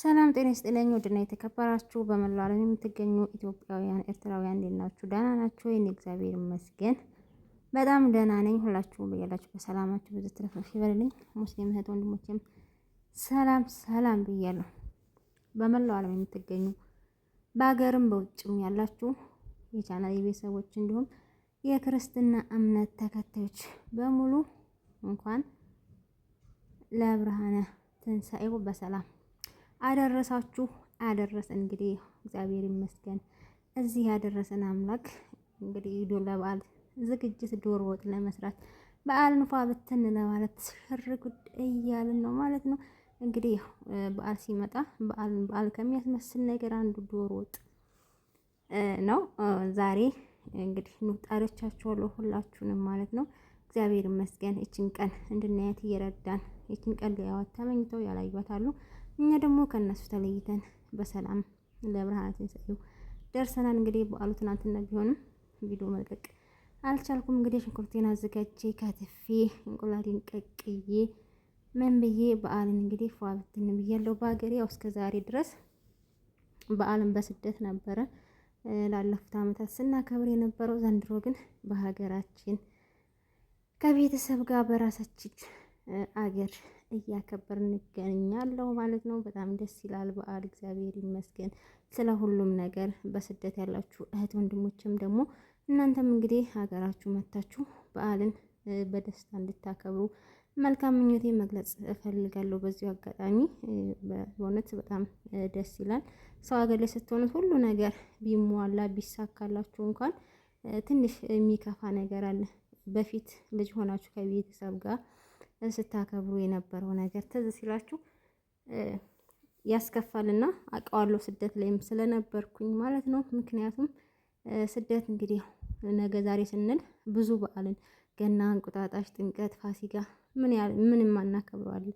ሰላም ጤና ይስጥልኝ። ውድና የተከበራችሁ በመላው ዓለም የምትገኙ ኢትዮጵያውያን፣ ኤርትራውያን እንዴት ደህና ናችሁ? ይህን እግዚአብሔር ይመስገን በጣም ደህና ነኝ። ሁላችሁም በያላችሁ በሰላማችሁ ብዙ ትረፍረፍ ይበልልኝ። ሙስሊም እህት ወንድሞችም ሰላም ሰላም ብያለሁ። በመላው ዓለም የምትገኙ በሀገርም በውጭም ያላችሁ የቻናል የቤተሰቦች እንዲሁም የክርስትና እምነት ተከታዮች በሙሉ እንኳን ለብርሃነ ትንሣኤው በሰላም አደረሳችሁ አደረሰ። እንግዲህ እግዚአብሔር ይመስገን እዚህ ያደረሰን አምላክ። እንግዲህ ዶላ ለበዓል ዝግጅት ዶሮ ወጥ ለመስራት በዓል እንኳ ብትን ለማለት ሽርጉድ እያልን ነው ማለት ነው። እንግዲህ በዓል ሲመጣ በዓልን በዓል ከሚያስመስል ነገር አንዱ ዶሮ ወጥ ነው። ዛሬ እንግዲህ ንጣሪዎቻችኋለሁ ሁላችሁንም ማለት ነው። እግዚአብሔር ይመስገን እችን ቀን እንድናያት እየረዳን ይችን ቀን ሊያዋት ተመኝተው ያላዩታሉ። እኛ ደግሞ ከእነሱ ተለይተን በሰላም ለብርሃነ ትንሣኤው ደርሰናል። እንግዲህ በዓሉ ትናንትና ቢሆንም ቪዲዮ መልቀቅ አልቻልኩም። እንግዲህ ሽንኩርቴን አዘጋጄ ከትፌ እንቁላሌን ቀቅዬ ምን ብዬ በዓልን እንግዲህ ፏልትን ብያለው። በሀገሬ ያው እስከ ዛሬ ድረስ በዓልን በስደት ነበረ ላለፉት ዓመታት ስናከብር የነበረው። ዘንድሮ ግን በሀገራችን ከቤተሰብ ጋር በራሳችን አገር እያከበር እንገኛለው ማለት ነው። በጣም ደስ ይላል በዓል። እግዚአብሔር ይመስገን ስለ ሁሉም ነገር። በስደት ያላችሁ እህት ወንድሞችም ደግሞ እናንተም እንግዲህ ሀገራችሁ መታችሁ በዓልን በደስታ እንድታከብሩ መልካም ምኞቴ መግለጽ እፈልጋለሁ በዚሁ አጋጣሚ። በእውነት በጣም ደስ ይላል። ሰው ሀገር ላይ ስትሆኑት ሁሉ ነገር ቢሟላ ቢሳካላችሁ እንኳን ትንሽ የሚከፋ ነገር አለ። በፊት ልጅ ሆናችሁ ከቤተሰብ ጋር ስታከብሩ የነበረው ነገር ትዝ ሲላችሁ ያስከፋልና አውቀዋለሁ። ስደት ላይም ስለነበርኩኝ ማለት ነው። ምክንያቱም ስደት እንግዲህ ነገ ዛሬ ስንል ብዙ በዓልን ገና፣ እንቁጣጣሽ፣ ጥምቀት፣ ፋሲጋ ምን ያህል ምንም አናከብረዋለን።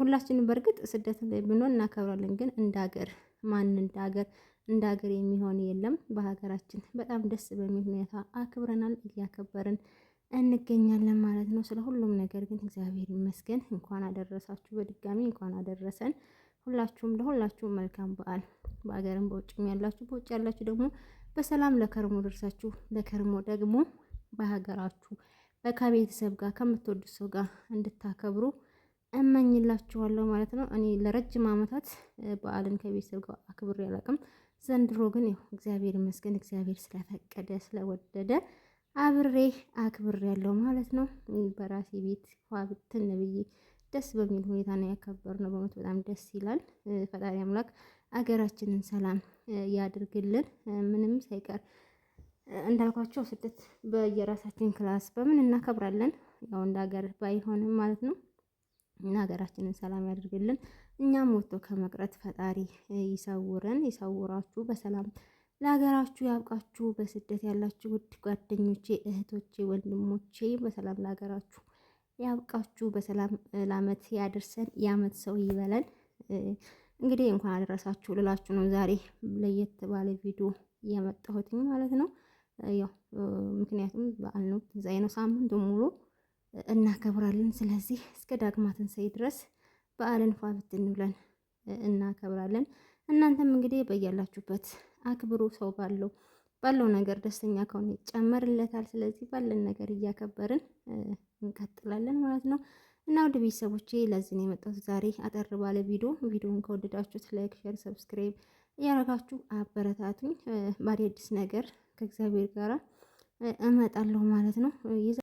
ሁላችንም በእርግጥ ስደት ላይ ብንሆን እናከብራለን። ግን እንደ ሀገር ማን እንደ ሀገር እንደ ሀገር የሚሆን የለም። በሀገራችን በጣም ደስ በሚል ሁኔታ አክብረናል፣ እያከበርን እንገኛለን ማለት ነው። ስለ ሁሉም ነገር ግን እግዚአብሔር ይመስገን። እንኳን አደረሳችሁ፣ በድጋሚ እንኳን አደረሰን። ሁላችሁም ለሁላችሁም መልካም በዓል በአገርም በውጭም ያላችሁ በውጭ ያላችሁ ደግሞ በሰላም ለከርሞ ደርሳችሁ ለከርሞ ደግሞ በሀገራችሁ ከቤተሰብ ጋር ከምትወዱት ሰው ጋር እንድታከብሩ እመኝላችኋለሁ ማለት ነው። እኔ ለረጅም ዓመታት በዓልን ከቤተሰብ ጋር አክብሬ አላቅም። ዘንድሮ ግን ያው እግዚአብሔር ይመስገን እግዚአብሔር ስለፈቀደ ስለወደደ አብሬ አክብር ያለው ማለት ነው። በራሴ ቤት ዋ ብትን ብዬ ደስ በሚል ሁኔታ ነው ያከበር ነው። በእውነት በጣም ደስ ይላል። ፈጣሪ አምላክ አገራችንን ሰላም ያድርግልን ምንም ሳይቀር እንዳልኳቸው ስደት በየራሳችን ክላስ በምን እናከብራለን፣ ያው እንደ ሀገር ባይሆንም ማለት ነው። እና ሀገራችንን ሰላም ያድርግልን። እኛም ወጥቶ ከመቅረት ፈጣሪ ይሰውረን፣ ይሰውራችሁ በሰላም ለሀገራችሁ ያብቃችሁ። በስደት ያላችሁ ውድ ጓደኞቼ፣ እህቶቼ፣ ወንድሞቼ በሰላም ለሀገራችሁ ያብቃችሁ። በሰላም ለአመት ያደርሰን። የአመት ሰው ይበለን። እንግዲህ እንኳን አደረሳችሁ ልላችሁ ነው ዛሬ ለየት ባለ ቪዲዮ የመጣሁትኝ ማለት ነው። ያው ምክንያቱም በዓል ነው፣ ትንሣኤ ነው፣ ሳምንቱ ሙሉ እናከብራለን። ስለዚህ እስከ ዳግማ ትንሣኤ ድረስ በዓልን ፏ እንብለን እናከብራለን። እናንተም እንግዲህ በያላችሁበት አክብሩ። ሰው ባለው ባለው ነገር ደስተኛ ከሆነ ይጨመርለታል። ስለዚህ ባለን ነገር እያከበርን እንቀጥላለን ማለት ነው እና ወደ ቤተሰቦቼ ለዚህ ነው የመጣሁት ዛሬ አጠር ባለ ቪዲዮ። ቪዲዮውን ከወደዳችሁት ላይክ፣ ሼር፣ ሰብስክራይብ እያረጋችሁ አበረታቱኝ። በአዲስ ነገር ከእግዚአብሔር ጋር እመጣለሁ ማለት ነው።